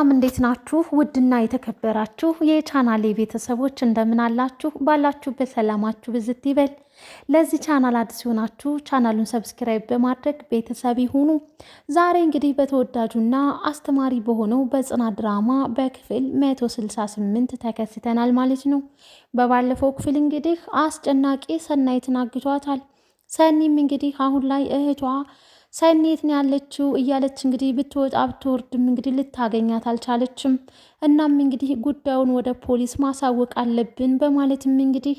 አም እንዴት ናችሁ? ውድና የተከበራችሁ የቻናሌ ቤተሰቦች እንደምን አላችሁ? ባላችሁበት ሰላማችሁ ብዝት ይበል። ለዚህ ቻናል አዲስ የሆናችሁ ቻናሉን ሰብስክራይብ በማድረግ ቤተሰብ ይሁኑ። ዛሬ እንግዲህ በተወዳጁና አስተማሪ በሆነው በጽናት ድራማ በክፍል 168 ተከስተናል ማለት ነው። በባለፈው ክፍል እንግዲህ አስጨናቂ ሰናይትን አግቷታል። ሰኒም እንግዲህ አሁን ላይ እህቷ ሰኒ የት ነው ያለችው እያለች እንግዲህ ብትወጣ ብትወርድም እንግዲህ ልታገኛት አልቻለችም። እናም እንግዲህ ጉዳዩን ወደ ፖሊስ ማሳወቅ አለብን በማለትም እንግዲህ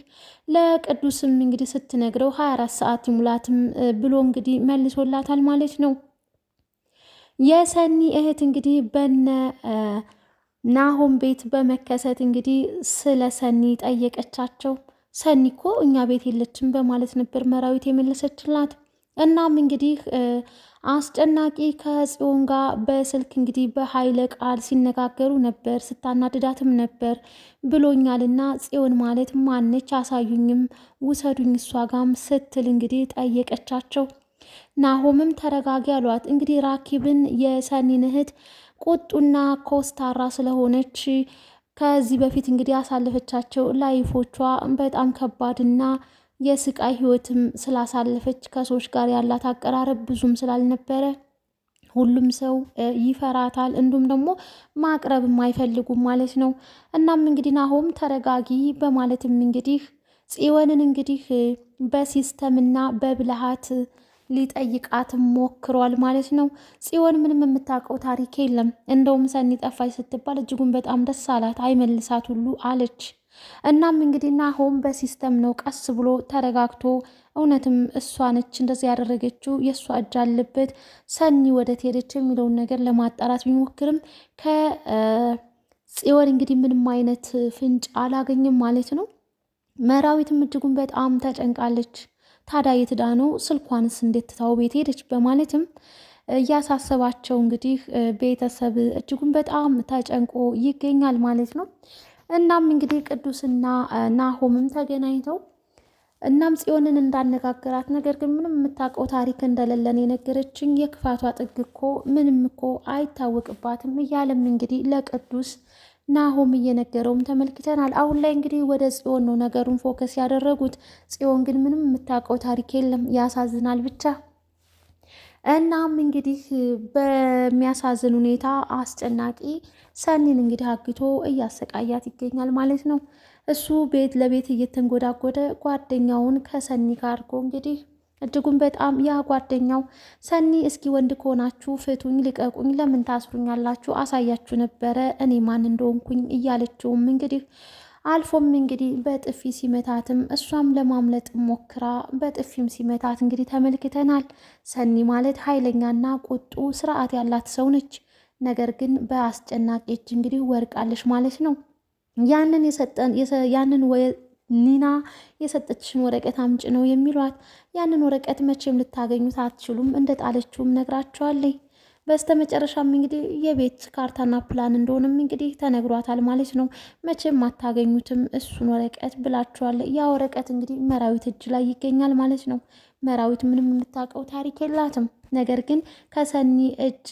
ለቅዱስም እንግዲህ ስትነግረው ሀያ አራት ሰዓት ይሙላትም ብሎ እንግዲህ መልሶላታል ማለት ነው። የሰኒ እህት እንግዲህ በነ ናሆም ቤት በመከሰት እንግዲህ ስለ ሰኒ ጠየቀቻቸው። ሰኒ እኮ እኛ ቤት የለችም በማለት ነበር መራዊት የመለሰችላት። እናም እንግዲህ አስጨናቂ ከጽዮን ጋር በስልክ እንግዲህ በኃይለ ቃል ሲነጋገሩ ነበር። ስታናድዳትም ነበር ብሎኛልና ጽዮን ማለት ማነች? አሳዩኝም፣ ውሰዱኝ እሷ ጋም ስትል እንግዲህ ጠየቀቻቸው። ናሆምም ተረጋጊ አሏት። እንግዲህ ራኪብን የሰኒን እህት ቁጡና ኮስታራ ስለሆነች ከዚህ በፊት እንግዲህ ያሳለፈቻቸው ላይፎቿ በጣም ከባድና የስቃይ ህይወትም ስላሳለፈች ከሰዎች ጋር ያላት አቀራረብ ብዙም ስላልነበረ ሁሉም ሰው ይፈራታል። እንዲሁም ደግሞ ማቅረብም አይፈልጉም ማለት ነው። እናም እንግዲህ ናሆም ተረጋጊ በማለትም እንግዲህ ጽዮንን እንግዲህ በሲስተምና በብልሃት ሊጠይቃት ሞክሯል ማለት ነው። ጽዮን ምንም የምታውቀው ታሪክ የለም። እንደውም ሰኒ ጠፋች ስትባል እጅጉን በጣም ደስ አላት። አይመልሳት ሁሉ አለች እናም እንግዲህ ናሆም በሲስተም ነው ቀስ ብሎ ተረጋግቶ እውነትም እሷ ነች እንደዚህ ያደረገችው የእሷ እጅ አለበት፣ ሰኒ ወዴት ሄደች የሚለውን ነገር ለማጣራት ቢሞክርም ከጽዮን እንግዲህ ምንም አይነት ፍንጭ አላገኝም ማለት ነው። መራዊትም እጅጉን በጣም ተጨንቃለች። ታዲያ የትዳ ነው ስልኳንስ እንዴት ትታው ቤት ሄደች በማለትም እያሳሰባቸው እንግዲህ ቤተሰብ እጅጉን በጣም ተጨንቆ ይገኛል ማለት ነው። እናም እንግዲህ ቅዱስና ናሆምም ተገናኝተው እናም ጽዮንን እንዳነጋገራት ነገር ግን ምንም የምታውቀው ታሪክ እንደሌለን የነገረችኝ የክፋቷ ጥግ እኮ ምንም እኮ አይታወቅባትም እያለም እንግዲህ ለቅዱስ ናሆም እየነገረውም ተመልክተናል። አሁን ላይ እንግዲህ ወደ ጽዮን ነው ነገሩን ፎከስ ያደረጉት። ጽዮን ግን ምንም የምታውቀው ታሪክ የለም። ያሳዝናል ብቻ እናም እንግዲህ በሚያሳዝን ሁኔታ አስጨናቂ ሰኒን እንግዲህ አግቶ እያሰቃያት ይገኛል ማለት ነው። እሱ ቤት ለቤት እየተንጎዳጎደ ጓደኛውን ከሰኒ ጋር አድርጎ እንግዲህ እጅጉን በጣም ያ ጓደኛው ሰኒ እስኪ ወንድ ከሆናችሁ ፍቱኝ፣ ልቀቁኝ፣ ለምን ታስሩኛላችሁ? አሳያችሁ ነበረ እኔ ማን እንደሆንኩኝ እያለችውም እንግዲህ አልፎም እንግዲህ በጥፊ ሲመታትም እሷም ለማምለጥ ሞክራ በጥፊም ሲመታት እንግዲህ ተመልክተናል። ሰኒ ማለት ኃይለኛና ቁጡ ስርዓት ያላት ሰው ነች። ነገር ግን በአስጨናቂች እንግዲህ ወርቃለች ማለት ነው። ያንን ያንን ኒና የሰጠችሽን ወረቀት አምጭ ነው የሚሏት። ያንን ወረቀት መቼም ልታገኙት አትችሉም፣ እንደ ጣለችውም ነግራቸዋለኝ። በስተመጨረሻም እንግዲህ የቤት ካርታና ፕላን እንደሆነም እንግዲህ ተነግሯታል ማለት ነው። መቼም አታገኙትም እሱን ወረቀት ብላችኋል። ያ ወረቀት እንግዲህ መራዊት እጅ ላይ ይገኛል ማለት ነው። መራዊት ምንም የምታውቀው ታሪክ የላትም። ነገር ግን ከሰኒ እጅ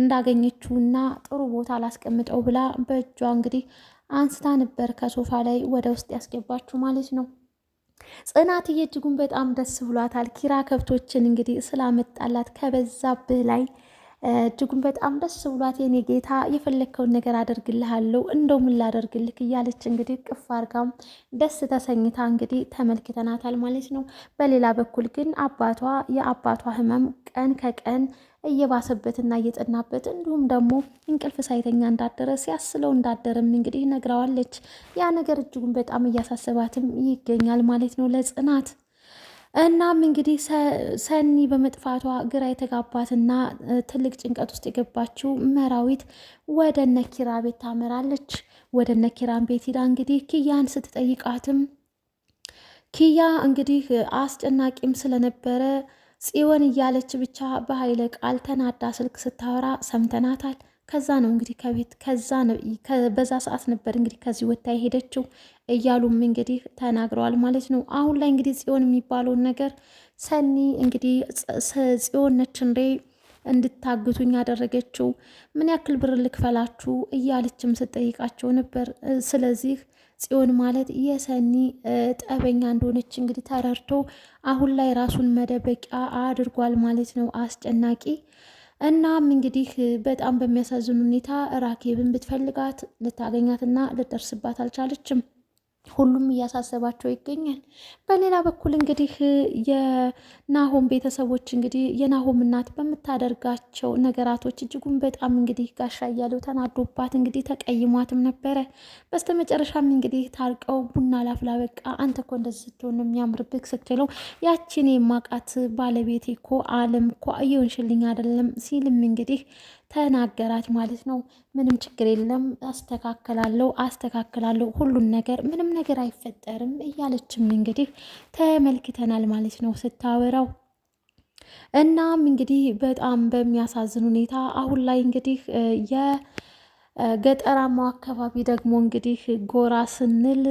እንዳገኘችውና ጥሩ ቦታ አላስቀምጠው ብላ በእጇ እንግዲህ አንስታ ነበር ከሶፋ ላይ ወደ ውስጥ ያስገባችሁ ማለት ነው። ጽናትዬ እጅጉን በጣም ደስ ብሏታል። ኪራ ከብቶችን እንግዲህ ስላመጣላት ከበዛብህ ላይ እጅጉን በጣም ደስ ብሏት የኔ ጌታ የፈለግከውን ነገር አደርግልሃለሁ እንደው ምን ላደርግልህ እያለች እንግዲህ ቅፍ አርጋም ደስ ተሰኝታ እንግዲህ ተመልክተናታል ማለት ነው። በሌላ በኩል ግን አባቷ የአባቷ ህመም ቀን ከቀን እየባሰበትና እየጠናበት እንዲሁም ደግሞ እንቅልፍ ሳይተኛ እንዳደረ ሲያስለው እንዳደረም እንግዲህ ነግረዋለች። ያ ነገር እጅጉን በጣም እያሳሰባትም ይገኛል ማለት ነው ለጽናት። እናም እንግዲህ ሰኒ በመጥፋቷ ግራ የተጋባትና ትልቅ ጭንቀት ውስጥ የገባችው መራዊት ወደ ነኪራ ቤት ታመራለች። ወደ ነኪራን ቤት ሂዳ እንግዲህ ኪያን ስትጠይቃትም ኪያ እንግዲህ አስጨናቂም ስለነበረ ጽዮን እያለች ብቻ በኃይለ ቃል ተናዳ ስልክ ስታወራ ሰምተናታል። ከዛ ነው እንግዲህ ከቤት ከዛ በዛ ሰዓት ነበር እንግዲህ ከዚህ ወታ የሄደችው እያሉም እንግዲህ ተናግረዋል ማለት ነው። አሁን ላይ እንግዲህ ጽዮን የሚባለውን ነገር ሰኒ እንግዲህ ጽዮን ነች እንዴ እንድታግቱኝ ያደረገችው ምን ያክል ብር ልክፈላችሁ እያለችም ስትጠይቃቸው ነበር። ስለዚህ ጽዮን ማለት የሰኒ ጠበኛ እንደሆነች እንግዲህ ተረድቶ አሁን ላይ ራሱን መደበቂያ አድርጓል ማለት ነው አስጨናቂ። እናም እንግዲህ በጣም በሚያሳዝን ሁኔታ ራኬብን ብትፈልጋት ልታገኛትና ልደርስባት አልቻለችም። ሁሉም እያሳሰባቸው ይገኛል። በሌላ በኩል እንግዲህ የናሆም ቤተሰቦች እንግዲህ የናሆም እናት በምታደርጋቸው ነገራቶች እጅጉን በጣም እንግዲህ ጋሻ እያለው ተናዶባት እንግዲህ ተቀይሟትም ነበረ። በስተመጨረሻም እንግዲህ ታርቀው ቡና ላፍላ በቃ አንተ እኮ እንደዚህ ስትሆን የሚያምርብህ ስትለው ያችን የማቃት ባለቤቴ እኮ አለም እኮ እየሆንሽልኝ አይደለም ሲልም እንግዲህ ተናገራት ማለት ነው። ምንም ችግር የለም አስተካከላለሁ አስተካከላለሁ ሁሉን ነገር ምንም ነገር አይፈጠርም እያለችም እንግዲህ ተመልክተናል ማለት ነው ስታወራው። እናም እንግዲህ በጣም በሚያሳዝን ሁኔታ አሁን ላይ እንግዲህ የገጠራማው አካባቢ ደግሞ እንግዲህ ጎራ ስንል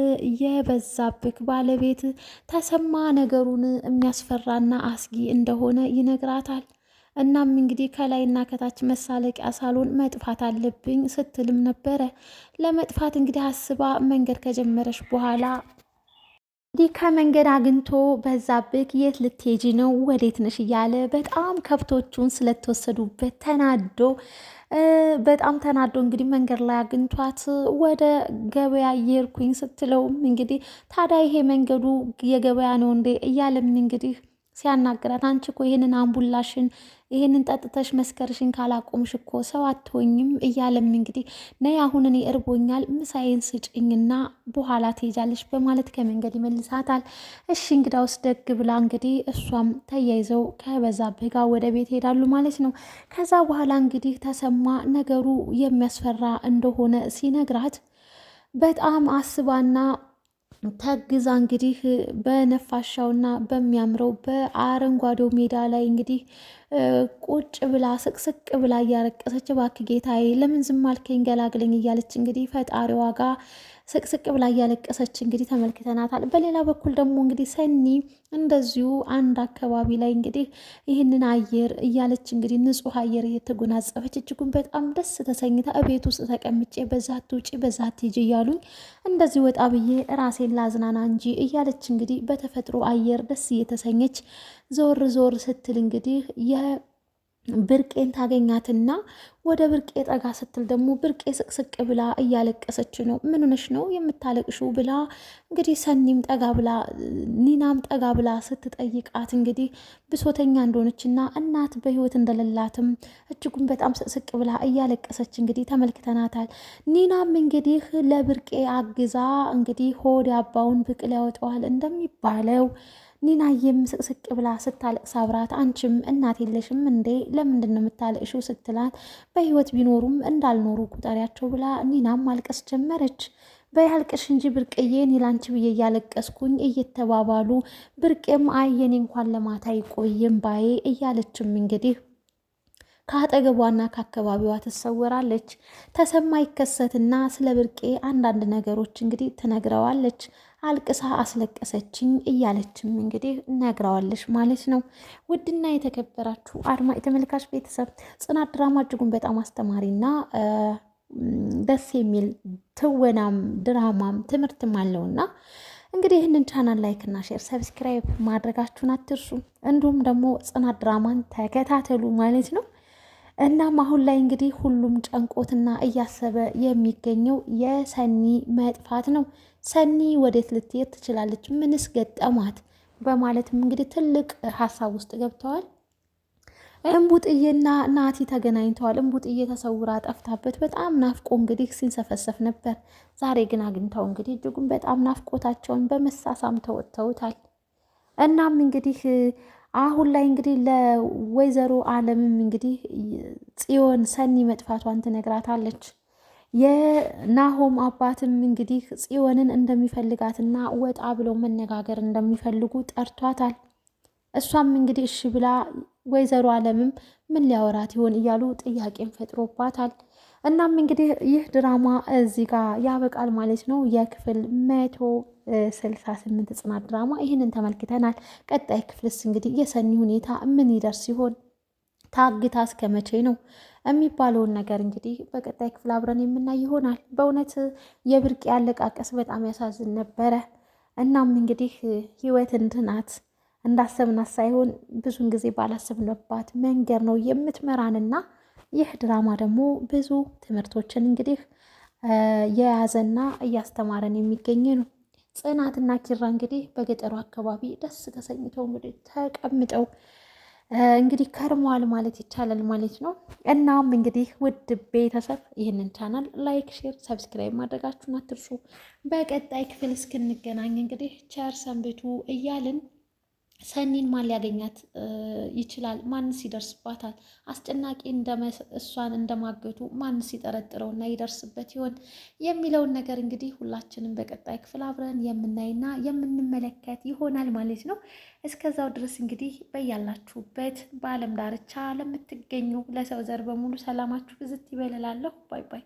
የበዛብህ ባለቤት ተሰማ ነገሩን የሚያስፈራና አስጊ እንደሆነ ይነግራታል። እናም እንግዲህ ከላይና ከታች መሳለቂያ ሳሎን መጥፋት አለብኝ ስትልም ነበረ። ለመጥፋት እንግዲህ አስባ መንገድ ከጀመረች በኋላ እንዲህ ከመንገድ አግኝቶ በዛብህ የት ልትሄጂ ነው? ወዴት ነሽ? እያለ በጣም ከብቶቹን ስለተወሰዱበት ተናዶ በጣም ተናዶ እንግዲህ መንገድ ላይ አግኝቷት ወደ ገበያ የርኩኝ ስትለውም እንግዲህ ታዲያ ይሄ መንገዱ የገበያ ነው እንዴ? እያለም እንግዲህ ሲያናግራት አንቺ እኮ ይህንን አምቡላሽን ይህንን ጠጥተሽ መስከርሽን ካላቆምሽ እኮ ሰው አትሆኝም እያለም እንግዲህ ነይ አሁን እኔ እርቦኛል ምሳዬን ስጭኝና በኋላ ትሄጃለሽ በማለት ከመንገድ ይመልሳታል። እሺ እንግዳውስ ደግ ብላ እንግዲህ እሷም ተያይዘው ከበዛብህ ጋር ወደ ቤት ሄዳሉ ማለት ነው። ከዛ በኋላ እንግዲህ ተሰማ ነገሩ የሚያስፈራ እንደሆነ ሲነግራት በጣም አስባና ተግዛ እንግዲህ በነፋሻውና በሚያምረው በአረንጓዴው ሜዳ ላይ እንግዲህ ቁጭ ብላ ስቅስቅ ብላ እያለቀሰች እባክህ ጌታዬ ለምን ዝም አልከኝ ገላግለኝ እያለች እንግዲህ ፈጣሪዋ ጋር ስቅስቅ ብላ እያለቀሰች እንግዲህ ተመልክተናታል። በሌላ በኩል ደግሞ እንግዲህ ሰኒ እንደዚሁ አንድ አካባቢ ላይ እንግዲህ ይህንን አየር እያለች እንግዲህ ንጹህ አየር እየተጎናጸፈች እጅጉን በጣም ደስ ተሰኝታ እቤት ውስጥ ተቀምጬ በዛት ውጪ በዛት ሂጂ እያሉኝ እንደዚህ ወጣ ብዬ ራሴን ላዝናና እንጂ እያለች እንግዲህ በተፈጥሮ አየር ደስ እየተሰኘች ዞር ዞር ስትል እንግዲህ ብርቄን ታገኛትና ወደ ብርቄ ጠጋ ስትል ደግሞ ብርቄ ስቅስቅ ብላ እያለቀሰች ነው። ምን ሆነሽ ነው የምታለቅሽው? ብላ እንግዲህ ሰኒም ጠጋ ብላ ኒናም ጠጋ ብላ ስትጠይቃት እንግዲህ ብሶተኛ እንደሆነችና እናት በሕይወት እንደሌላትም እጅጉን በጣም ስቅስቅ ብላ እያለቀሰች እንግዲህ ተመልክተናታል። ኒናም እንግዲህ ለብርቄ አግዛ እንግዲህ ሆድ አባውን ብቅ ያወጣዋል እንደሚባለው ኒናዬም ስቅስቅ ብላ ስታለቅስ አብራት አንቺም እናት የለሽም እንዴ ለምንድን ነው የምታለቅሽው? ስትላት በህይወት ቢኖሩም እንዳልኖሩ ቁጠሪያቸው ብላ ኒናም ማልቀስ ጀመረች። በያልቅሽ እንጂ ብርቅዬ እኔ ላንቺ ብዬ እያለቀስኩኝ እየተባባሉ ብርቅም አየኔ እንኳን ለማታ አይቆይም ባዬ እያለችም እንግዲህ ከአጠገቧና ከአካባቢዋ ትሰወራለች። ተሰማ ይከሰትና ስለ ብርቄ አንዳንድ ነገሮች እንግዲህ ትነግረዋለች። አልቅሳ አስለቀሰችኝ እያለችም እንግዲህ ነግረዋለች ማለት ነው። ውድና የተከበራችሁ አድማ ተመልካች ቤተሰብ ጽናት ድራማ እጅጉን በጣም አስተማሪና ደስ የሚል ትወናም ድራማም ትምህርትም አለውና እንግዲህ ይህንን ቻናል ላይክ እና ሼር ሰብስክራይብ ማድረጋችሁን አትርሱ። እንዲሁም ደግሞ ጽናት ድራማን ተከታተሉ ማለት ነው። እናም አሁን ላይ እንግዲህ ሁሉም ጨንቆትና እያሰበ የሚገኘው የሰኒ መጥፋት ነው። ሰኒ ወዴት ልትሄድ ትችላለች? ምንስ ገጠማት? በማለትም እንግዲህ ትልቅ ሀሳብ ውስጥ ገብተዋል። እምቡጥዬና ናቲ ተገናኝተዋል። እምቡጥዬ ተሰውራ ጠፍታበት በጣም ናፍቆ እንግዲህ ሲንሰፈሰፍ ነበር። ዛሬ ግን አግኝተው እንግዲህ እጅጉን በጣም ናፍቆታቸውን በመሳሳም ተወጥተውታል። እናም እንግዲህ አሁን ላይ እንግዲህ ለወይዘሮ አለምም እንግዲህ ጽዮን ሰኒ መጥፋቷን ትነግራታለች። የናሆም አባትም እንግዲህ ጽዮንን እንደሚፈልጋትና ወጣ ብለው መነጋገር እንደሚፈልጉ ጠርቷታል። እሷም እንግዲህ እሺ ብላ ወይዘሮ አለምም ምን ሊያወራት ይሆን እያሉ ጥያቄን ፈጥሮባታል። እናም እንግዲህ ይህ ድራማ እዚህ ጋር ያበቃል ማለት ነው የክፍል መቶ ስልሳ ስምንት ጽናት ድራማ ይህንን ተመልክተናል። ቀጣይ ክፍልስ እንግዲህ የሰኒ ሁኔታ ምን ይደርስ ሲሆን ታግታ እስከ መቼ ነው የሚባለውን ነገር እንግዲህ በቀጣይ ክፍል አብረን የምናይ ይሆናል። በእውነት የብርቅ ያለቃቀስ በጣም ያሳዝን ነበረ። እናም እንግዲህ ህይወት እንድናት እንዳሰብናት ሳይሆን ብዙን ጊዜ ባላሰብንባት መንገድ ነው የምትመራንና ይህ ድራማ ደግሞ ብዙ ትምህርቶችን እንግዲህ የያዘና እያስተማረን የሚገኝ ነው። ጽናትና ኪራ እንግዲህ በገጠሩ አካባቢ ደስ ተሰኝተው እንግዲህ ተቀምጠው እንግዲህ ከርመዋል ማለት ይቻላል ማለት ነው። እናም እንግዲህ ውድ ቤተሰብ ይህንን ቻናል ላይክ፣ ሼር፣ ሰብስክራይብ ማድረጋችሁን አትርሱ። በቀጣይ ክፍል እስክንገናኝ እንግዲህ ቸር ሰንብቱ እያልን ሰኒን ማን ሊያገኛት ይችላል? ማንስ ይደርስባታል? አስጨናቂ እሷን እንደማገቱ ማንስ ይጠረጥረውና ይደርስበት ይሆን የሚለውን ነገር እንግዲህ ሁላችንም በቀጣይ ክፍል አብረን የምናይና የምንመለከት ይሆናል ማለት ነው። እስከዛው ድረስ እንግዲህ በያላችሁበት በዓለም ዳርቻ ለምትገኙ ለሰው ዘር በሙሉ ሰላማችሁ ብዝት ይበልላለሁ። ባይ ባይ።